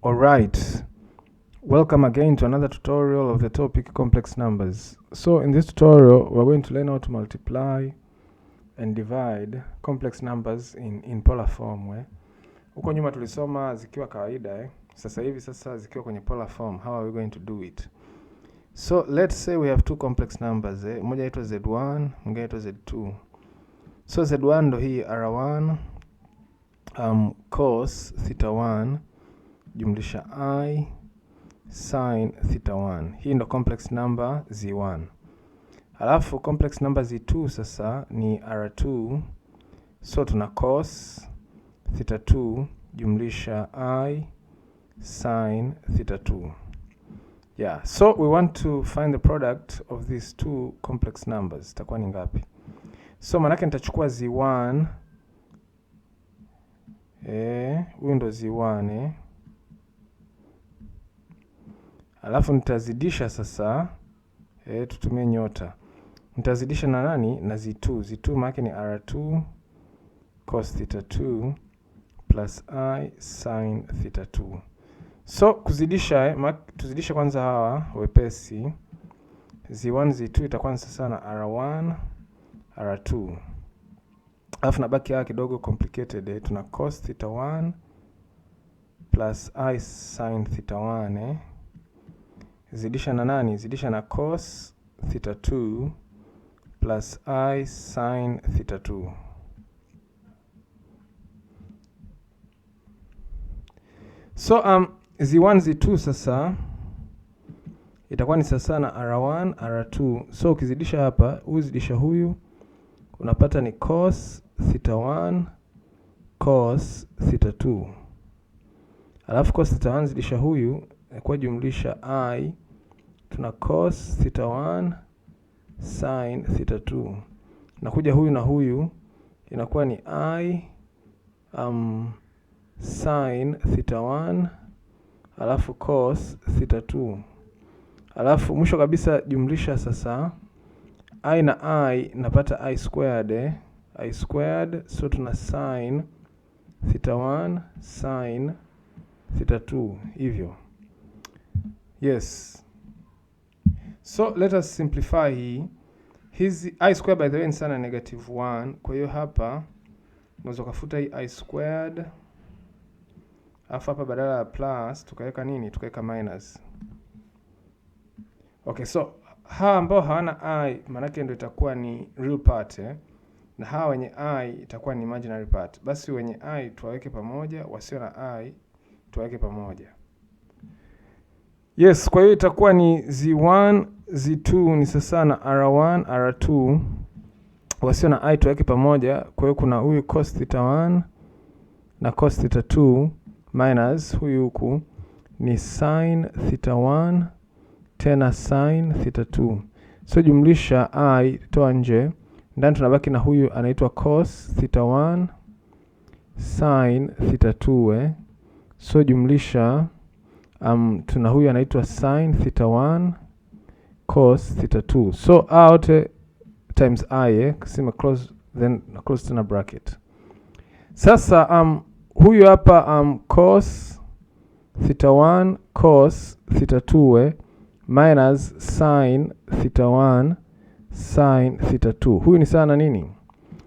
Alright, welcome again to another tutorial of the topic complex numbers. So in this tutorial, we're going to learn how to multiply and divide complex numbers in, in polar form eh? Huko nyuma tulisoma zikiwa kawaida eh? Sasa hivi sasa zikiwa kwenye polar form, how are we going to do it? So let's say we have two complex numbers eh? Moja inaitwa z1, mwingine inaitwa z2. So z1 ndo hii r1 um, cos theta 1 jumlisha i sin theta 1. Hii ndo complex number z1. Alafu complex number z2 sasa ni r2, so tuna cos theta 2 jumlisha i sin theta 2. Yeah, so we want to find the product of these two complex numbers. Itakuwa ni ngapi? So manake nitachukua z1 eh, huyu ndo z1 eh alafu nitazidisha sasa e, tutumie nyota nitazidisha na nani na z2 z2 make ni r2 cos theta 2 plus i sin theta 2 so kuzidisha eh, tuzidisha kwanza hawa wepesi z1 z2 itakuwa ni sasa na r1 r2 alafu nabaki hawa kidogo complicated eh, tuna cos theta 1 plus i sin theta 1 eh zidisha na nani? Zidisha na cos theta 2 plus i sin theta 2. So um, z1 z2 sasa itakuwa ni sasa na r1 r2. So ukizidisha hapa, huyu zidisha huyu, unapata ni cos theta 1 cos theta 2, alafu cos theta 1 zidisha huyu kwa jumlisha i tuna cos theta 1 sin theta 2 nakuja huyu na huyu inakuwa ni i um, sin theta 1 alafu cos theta 2 alafu mwisho kabisa jumlisha sasa i na i napata i squared eh? i squared so tuna sin theta 1 sin theta 2 hivyo. Yes. So let us simplify hii. Hizi i square by the way ni sana negative 1. Kwa hiyo hapa unaweza kufuta hii i squared. Alafu hapa badala ya plus tukaweka nini? Tukaweka minus. Okay, so hawa ambao hawana i maanake ndio itakuwa ni real part eh? Na hawa wenye i itakuwa ni imaginary part. Basi wenye i tuwaweke pamoja, wasio na i tuwaweke pamoja. Yes, kwa hiyo itakuwa ni z1 z2 ni sasa na r1 r2 wasio na i tuweke pamoja. Kwa hiyo kuna huyu cos theta 1 na cos theta 2 minus huyu huku ni sin theta 1 tena sin theta 2, so jumlisha i toa nje, ndani tunabaki na huyu anaitwa cos theta 1 sin theta 2 eh, so jumlisha um, tuna huyu anaitwa sin theta 1 cos theta 2 so a yote times i eh, kusema close then close tena bracket. Sasa um, huyu hapa um, cos theta 1 cos theta 2 eh, minus sin theta 1 sin theta 2 huyu ni sana nini?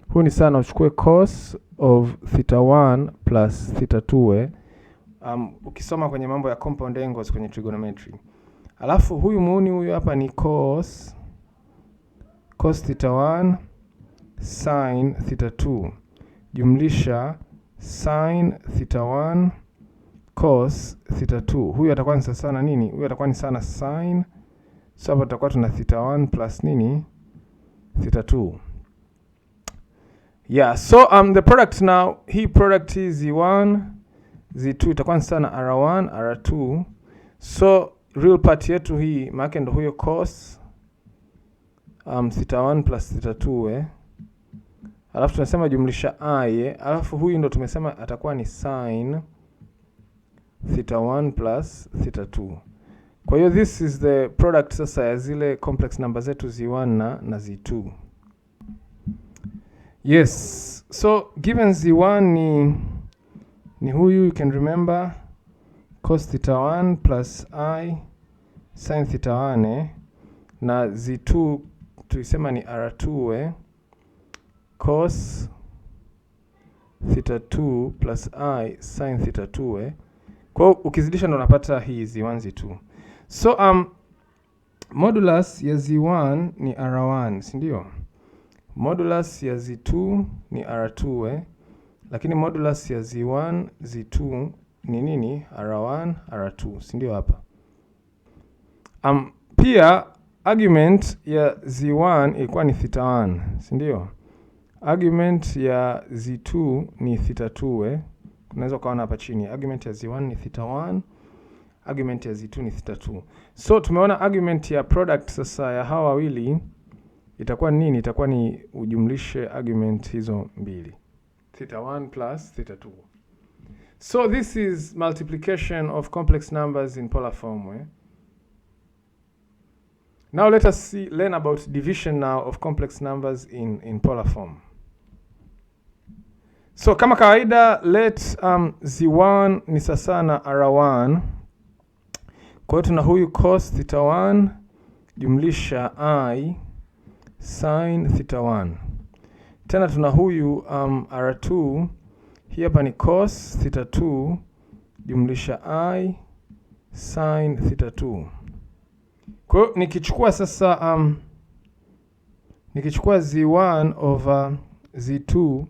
Huyu ni sana uchukue cos of theta 1 plus theta 2 eh, um, ukisoma kwenye mambo ya compound angles kwenye trigonometry. Alafu huyu muuni huyu hapa ni cos cos theta 1 sin theta 2 jumlisha sin theta 1 cos theta 2. Huyu atakuwa ni sana nini? Huyu atakuwa ni sana sin, so hapa tutakuwa tuna theta 1 plus nini theta 2. Yeah, so um, the product now, hii product hizi 1 z2 itakuwa ni sana r1 r2, so real part yetu hii maake ndo huyo cos um, theta 1 plus theta 2 eh, alafu tunasema jumlisha i, eh. alafu huyu ndo tumesema atakuwa ni sin theta 1 plus theta 2. Kwa hiyo this is the product sasa ya zile complex number zetu z1 na, na z2. Yes, so given z1 ni ni huyu, you can remember cos theta 1 plus i sin theta 1 eh? na z2 tulisema ni r2 eh? cos theta 2 plus i sin theta 2 eh? Kwa ukizidisha ndo unapata hii z1 z2. So um, modulus ya z1 ni r1, si ndio? Modulus ya z2 ni r2 eh? Lakini modulus ya z1 z2 ni nini? R1 R2, si ndio? Hapa um, pia argument ya z1 ilikuwa ni theta 1, si ndio? Argument ya z2 ni theta 2 eh. Unaweza ukaona hapa chini argument ya z1 ni theta 1, argument ya z2 ni theta 2. So tumeona argument ya product sasa ya hawa wawili itakuwa nini? Itakuwa ni ujumlishe argument hizo mbili theta 1 plus theta 2. So this is multiplication of complex numbers in polar form. Eh? Now let us see, learn about division now of complex numbers in, in polar form. So kama kawaida let um, z1 ni sasa na r1. Kwa hiyo tuna huyu cos theta 1 jumlisha i sin theta 1 tena tuna huyu um, R2 hii hapa ni cos theta 2 jumlisha i sin theta 2. Kwa hiyo nikichukua sasa um, nikichukua z1 over z2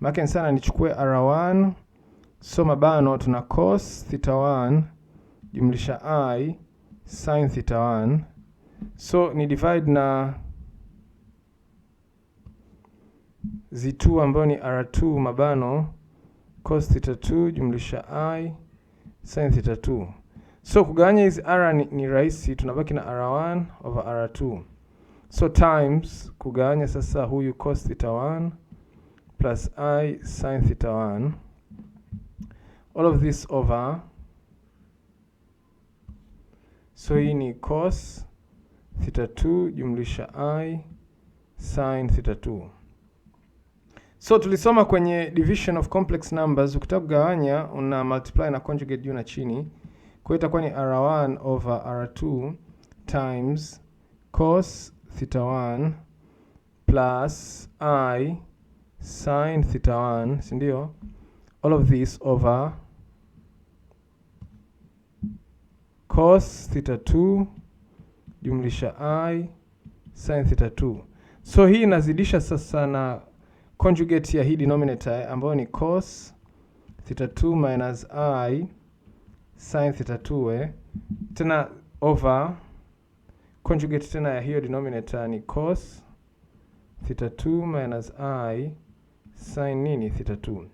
maana sana nichukue r1 so mabano tuna cos theta 1 jumlisha i sin theta 1 so ni divide na z2 ambayo ni r2 mabano cos theta 2 jumlisha i sin theta 2. So kugawanya hizi r ni, ni rahisi, tunabaki na r1 over r2 so times kugawanya sasa huyu cos theta 1 plus i sin theta 1 all of this over so hii ni cos theta 2 jumlisha i sin theta 2 So tulisoma kwenye division of complex numbers, ukitaka kugawanya una multiply na conjugate juu na chini, kwa hiyo itakuwa ni r1 over r2 times cos theta 1 plus i sin theta 1, si ndio? All of this over cos theta 2 jumlisha i sin theta 2. So hii inazidisha sasa na conjugate ya hii denominator eh, ambayo ni cos theta 2 minus i sin theta 2 eh, tena over conjugate tena ya hiyo denominator ni cos theta 2 minus i sin nini theta 2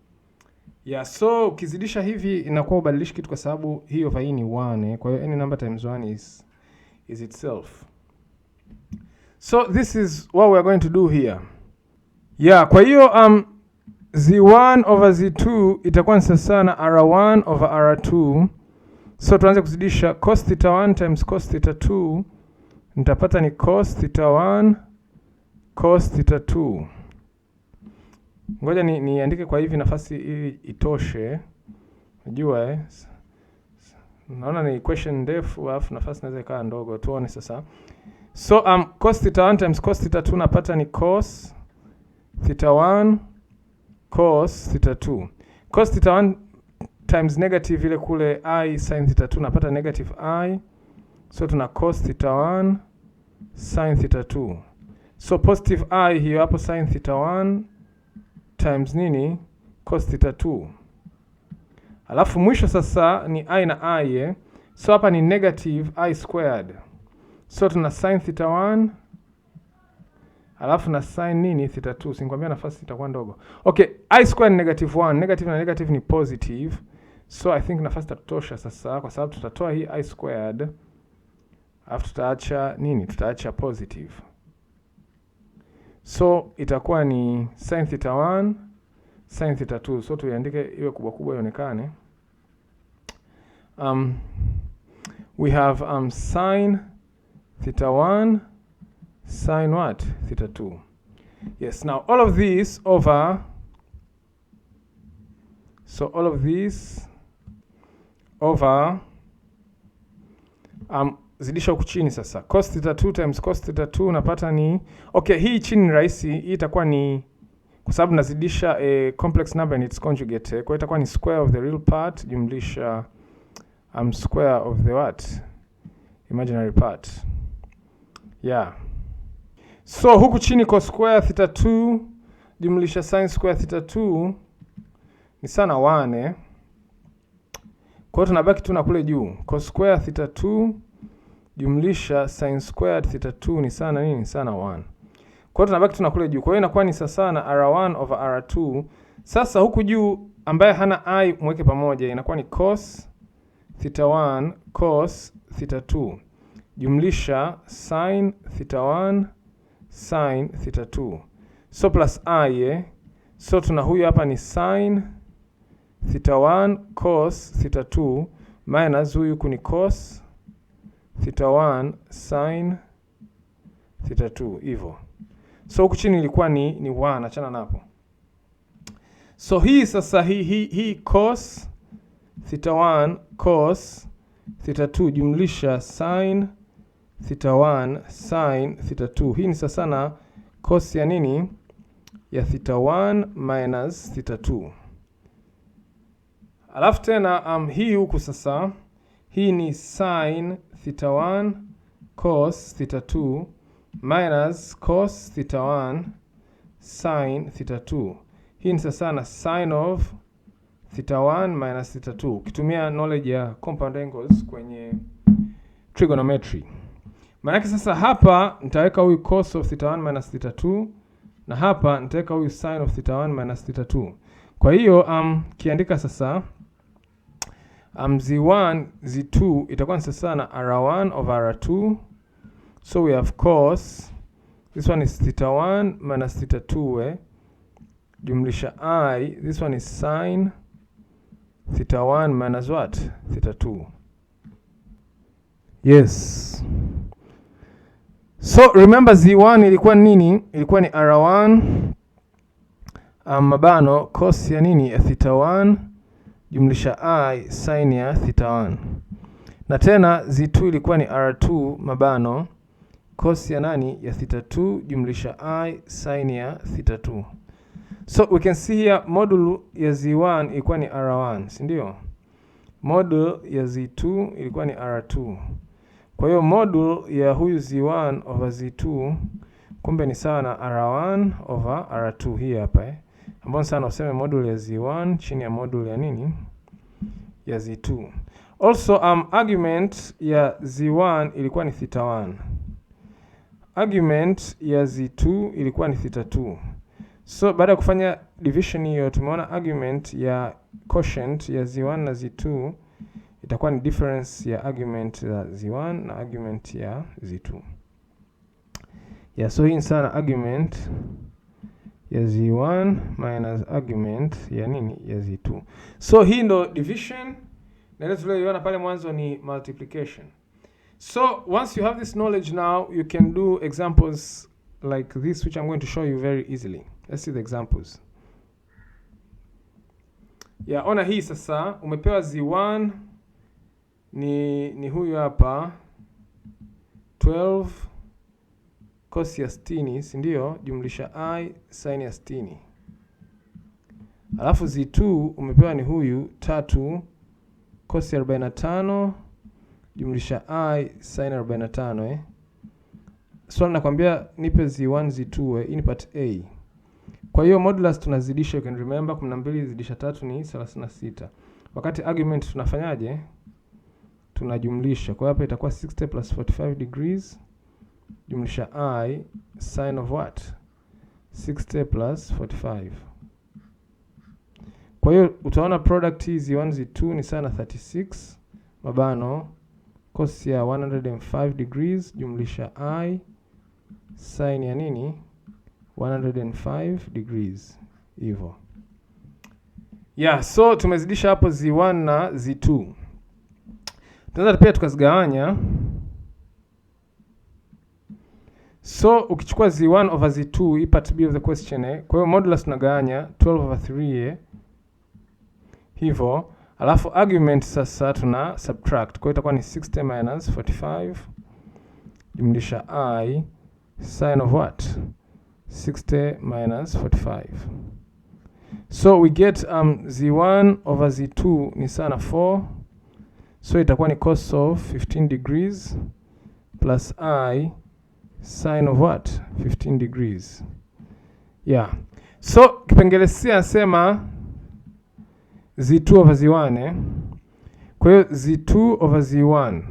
yeah. So ukizidisha hivi inakuwa ubadilishi kitu, kwa sababu hii over hii ni 1 eh, kwa hiyo any number times 1 is is itself. So this is what we are going to do here. Yeah, kwa hiyo um, z1 over z2 itakuwa ni sawasawa na r1 over r2, so tuanze kuzidisha cos theta 1 times cos theta 2 nitapata ni cos theta 1 cos theta 2. Ngoja ni niandike kwa hivi nafasi ili itoshe, Unajua eh? Naona ni equation ndefu alafu nafasi naweza ikawa ndogo, tuone sasa. So um, cos theta 1 times cos theta 2 napata ni cos theta 1 cos theta 2. Cos theta 1 times negative ile kule i sin theta 2 napata negative i, so tuna cos theta 1 sin theta 2. So positive i hiyo hapo sin theta 1 times nini cos theta 2, alafu mwisho sasa ni i na i, eh? so hapa ni negative i squared, so tuna sin theta 1 alafu na sine nini theta 2. Sinikwambia nafasi itakuwa ndogo. Okay, i square ni negative 1, negative na negative ni positive. So I think nafasi itatosha sasa, kwa sababu tutatoa hii i squared alafu tutaacha nini? Tutaacha positive, so itakuwa ni sin theta 1 sin theta 2. So tuiandike iwe kubwa kubwa ionekane. Um, we have um, sin theta 1 sine what? Theta 2. Yes, now all of this over, so all of this over, um, zidisha huku chini sasa, cos theta 2 times cos theta 2 napata ni okay, hii chini ni rahisi, hii itakuwa ni kwa sababu nazidisha a eh, complex number and its conjugate, eh, kwa itakuwa ni square of the real part jumlisha um, square of the what imaginary part yeah. So huku chini cos square theta 2 jumlisha sin square theta 2 ni sana 1 eh? Kwa hiyo tunabaki tu na kule juu cos square theta 2 jumlisha sin square theta 2 ni sana nini? Ni sana 1. Kwa hiyo tunabaki tu na kule juu, kwa hiyo inakuwa ni sasa na r1 over r2. Sasa huku juu ambaye hana i mweke pamoja, inakuwa ni cos theta 1 cos theta 2 jumlisha sin theta 1 sin theta 2. So plus i eh? So tuna huyu hapa ni sin theta 1 cos theta 2 minus huyu kuni cos theta 1 sin theta 2 hivyo. So huku chini ilikuwa ni ni 1 nachana napo. So hii sasa hii hii hii cos theta 1 cos theta 2 jumlisha sin theta 1 sin theta 2. Hii ni sasa na cos ya nini? Ya theta 1 minus theta 2. Alafu tena um, hii huku sasa hii ni sin theta 1 cos theta 2 minus cos theta 1 sin theta 2. Hii ni sasa na sin of theta 1 minus theta 2, ukitumia knowledge ya compound angles kwenye trigonometry. Maanake sasa hapa nitaweka huyu cos of theta 1 minus theta 2 na hapa nitaweka huyu sin of theta 1 minus theta 2. Kwa hiyo um, kiandika sasa um, z1 z2 itakuwa ni sasa na r1 over r2 so we have cos this one is theta 1 minus theta 2 eh? jumlisha i this one is sin theta 1 minus what theta 2 yes So remember z1 ilikuwa nini? Ilikuwa ni r1 um, mabano cos ya nini ya theta 1 jumlisha i sin ya theta 1, na tena z2 ilikuwa ni r2 mabano cos ya nani ya theta 2 jumlisha i sin ya theta 2. So we can see here modulu ya z1 ilikuwa ni r1, si ndio? Modulu ya z2 ilikuwa ni r2 kwa hiyo moduli ya huyu z1 over z2 kumbe ni sawa na r1 over r2 hii hapa eh, ambapo sana useme modulo ya z1 chini ya modulo ya nini ya z2. Also um, argument ya z1 ilikuwa ni theta 1, argument ya z2 ilikuwa ni theta 2. So baada ya kufanya division hiyo, tumeona argument ya quotient ya z1 na z2 itakuwa ni difference ya argument ya z1 na argument ya z2. ya so hii ni sana argument ya z1 minus argument ya nini ya z2. So hii ndo division na ile tuliyoiona pale mwanzo ni multiplication. So once you have this knowledge now you can do examples like this which I'm going to show you very easily. Let's see the examples. ya ona hii sasa umepewa z1 ni, ni huyu hapa 12 cos ya 60 si ndio, jumlisha i sin ya 60. Alafu z2 umepewa ni huyu tatu cos ya 45 jumlisha i sin ya 45 eh. Swali nakwambia nipe z1 z2 eh, hii part a. Kwa hiyo modulus tunazidisha, you can remember 12 zidisha 3 ni 36. Wakati argument tunafanyaje? tunajumlisha. Kwa hiyo hapa itakuwa 60 plus 45 degrees jumlisha i sine of what? 60 plus 45. Kwa hiyo utaona product hizi 1 z2 ni sana 36 mabano cos ya 105 degrees jumlisha i sine ya nini 105 degrees hivyo. Yeah, so tumezidisha hapo z1 na z2 tunaweza pia tukazigawanya. So ukichukua z1 over z2 hii part b of the question eh. Kwa hiyo modulus tunagawanya 12 over 3 eh. Hivyo alafu argument sasa tuna subtract. Kwa hiyo itakuwa ni 60 minus 45 jumlisha i sine of what 60 minus 45. So we get um, z1 over z2 ni sana 4 So itakuwa ni cos of 15 degrees plus i sine of what 15 degrees yeah. So kipengele C anasema z2 over z1 eh? kwa hiyo z2 over z1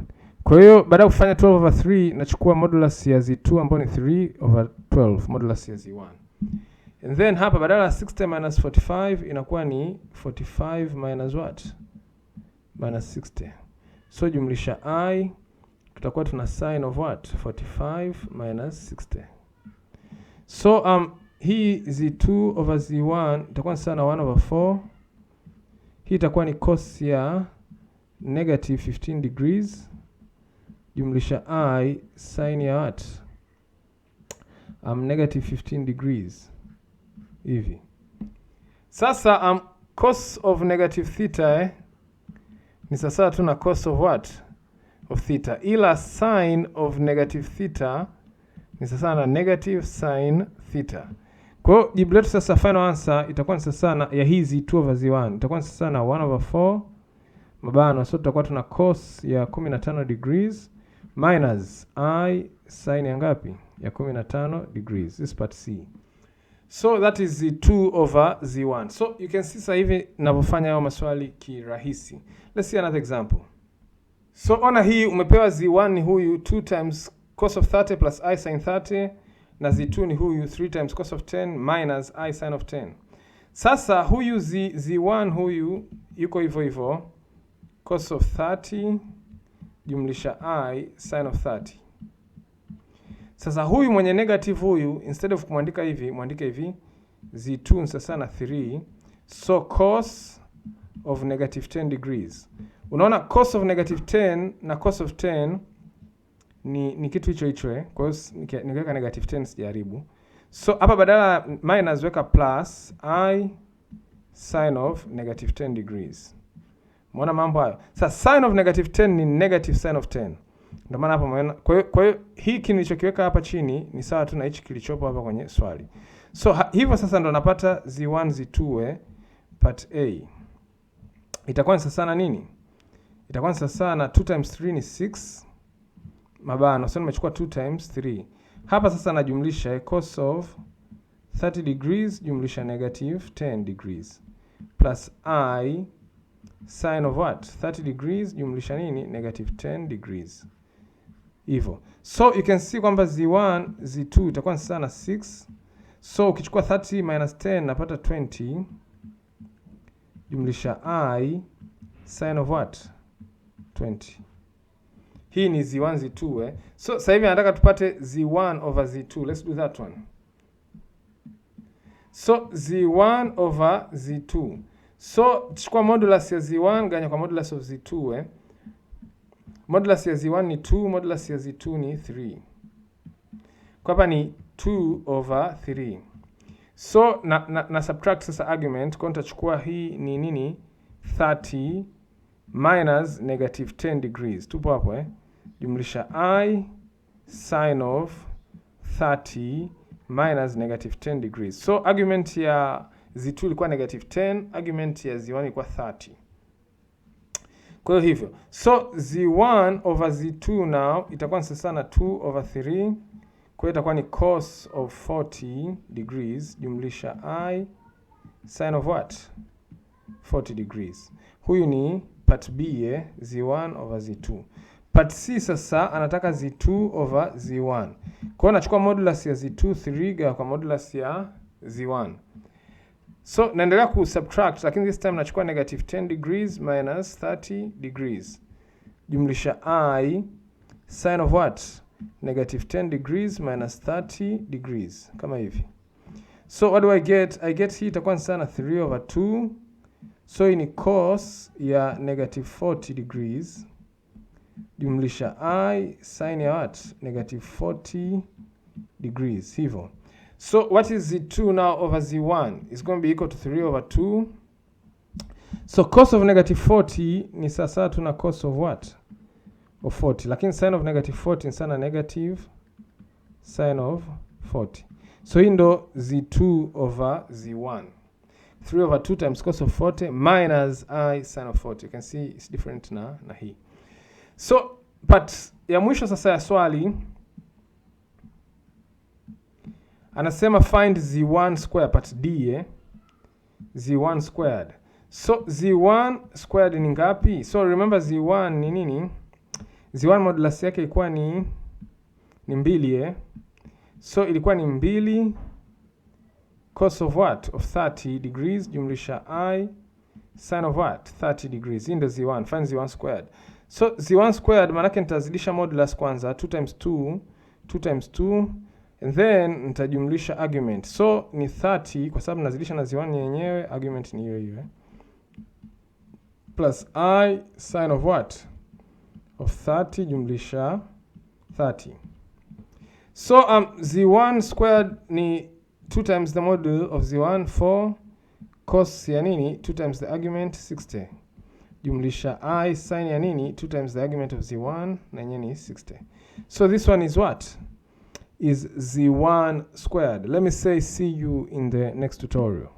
kwa hiyo baada ya kufanya 12 over 3 nachukua modulus ya z2 ambayo ni 3 over 12 modulus ya z1 and then hapa badala ya 60 minus 45 inakuwa ni 45 minus what minus 60 So jumlisha i tutakuwa tuna sin of what 45 minus 60. So um, hii z2 over z1 itakuwa ni na 1 over 4. Hii itakuwa ni cos ya negative 15 degrees jumlisha i sin ya what um, negative 15 degrees hivi. Sasa um, cos of negative theta eh? ni sawasawa tu na cos of what of theta, ila sin of negative theta ni sawasawa na negative sin theta. Kwa hiyo jibu letu sasa, final answer itakuwa ni sawasawa ya hizi 2 over 1 itakuwa ni sawasawa na 1 over 4 mabano, so tutakuwa tuna cos ya 15 degrees minus i sin ya ngapi ya 15 degrees. This part C. So that is the 2 over z 1. So you can see sasa hivi ninavyofanya hayo maswali kirahisi. Let's see another example. So ona hii umepewa z1 ni huyu 2 times cos of 30 plus i sin 30 na z2 ni huyu 3 times cos of 10 minus i sin of 10. Sasa huyu z, z1 huyu yuko hivyo hivyo cos of 30 jumlisha i sin of 30. Sasa huyu mwenye negative huyu, instead of kumwandika hivi, mwandike hivi z2 sasa na 3, so cos of negative 10 degrees. Unaona cos of negative 10 na cos of 10 ni, ni kitu hicho hicho eh. Kwa hiyo nikiweka negative 10 sijaribu. So hapa badala minus weka plus i sin of negative 10 degrees. Umeona mambo hayo? Sasa sin of negative 10 ni negative sin of 10. Ndio maana hapo umeona. Kwa kwa hiyo hiki nilichokiweka hapa chini ni sawa tu na hichi kilichopo hapa kwenye swali. So hivyo sasa ndo napata z1 z2 eh, part A. Itakuwa ni sasa na nini? Itakuwa ni sasa na 2 times 3 ni 6 mabano. Sasa nimechukua 2 times 3. Hapa sasa najumlisha eh, cos of 30 degrees jumlisha negative 10 degrees plus i sin of what? 30 degrees jumlisha nini? Negative 10 degrees hivyo. So you can see kwamba z1 z2 itakuwa ni sana 6. So ukichukua 30 minus 10 napata 20 jumlisha i sin of what 20. Hii ni z1 z2 eh. So sasa hivi nataka tupate z1 over z2. Let's do that one. So z1 over z2. So chukua modulus ya z1 ganya kwa modulus of z2 eh modulus ya z1 ni 2, modulus ya z2 ni 3. Kwa hapa ni 2 over 3. So na, na, na subtract sasa argument kwa nitachukua hii ni nini 30 minus negative 10 degrees. Tupo hapo eh? Jumlisha i sin of 30 minus negative 10 degrees. So argument ya z2 ilikuwa negative 10, argument ya z1 ilikuwa 30. Kwa hivyo, so z1 over z2 now itakuwa ni sasa na 2 over 3. Kwa hiyo itakuwa ni cos of 40 degrees jumlisha i sin of what 40 degrees. Huyu ni part b ye z1 over z2. Part c sasa anataka z2 over z1. Kwa hiyo nachukua modulus ya z2 3 gawa kwa modulus ya z1. So naendelea ku subtract lakini this time nachukua negative 10 degrees minus 30 degrees. Jumlisha i sine of what? Negative 10 degrees minus 30 degrees kama hivi. So what do I get? I get hii itakuwa sana 3 over 2. So hii ni cos ya negative 40 degrees. Jumlisha i sine ya what? Negative 40 degrees hivyo. So what is z 2 now over z 1? It's going to be equal to 3 over 2. So cos of negative 40 ni sasa tuna cos of what? Of 40. Lakini sin of negative 40 ni sana negative sin of 40. So hii ndo z 2 over z 1. 3 over 2 times cos of 40 minus i sin of 40. You can see it's different na, na hii. So but ya mwisho sasa ya swali anasema find z1 square part d eh? z1 squared so z1 squared ni ngapi? So remember z1 ni nini? z1 modulus yake ilikuwa ni ni mbili eh? So ilikuwa ni mbili cos of what of 30 degrees jumlisha i sin of what 30 degrees. Hii ndio z1, find z1 squared. So z1 squared maanake nitazidisha modulus kwanza 2 times 2 2 times 2 And then nitajumlisha argument, so ni 30 kwa sababu nazidisha na ziwani yenyewe, argument ni hiyo hiyo eh. plus i sine of what of 30 jumlisha 30. So um, z1 squared ni 2 times the module of z1 for cos ya nini 2 times the argument 60 jumlisha i sine ya nini 2 times the argument of z1 na yenyewe ni 60. So this one is what is z1 squared. Let me say see you in the next tutorial.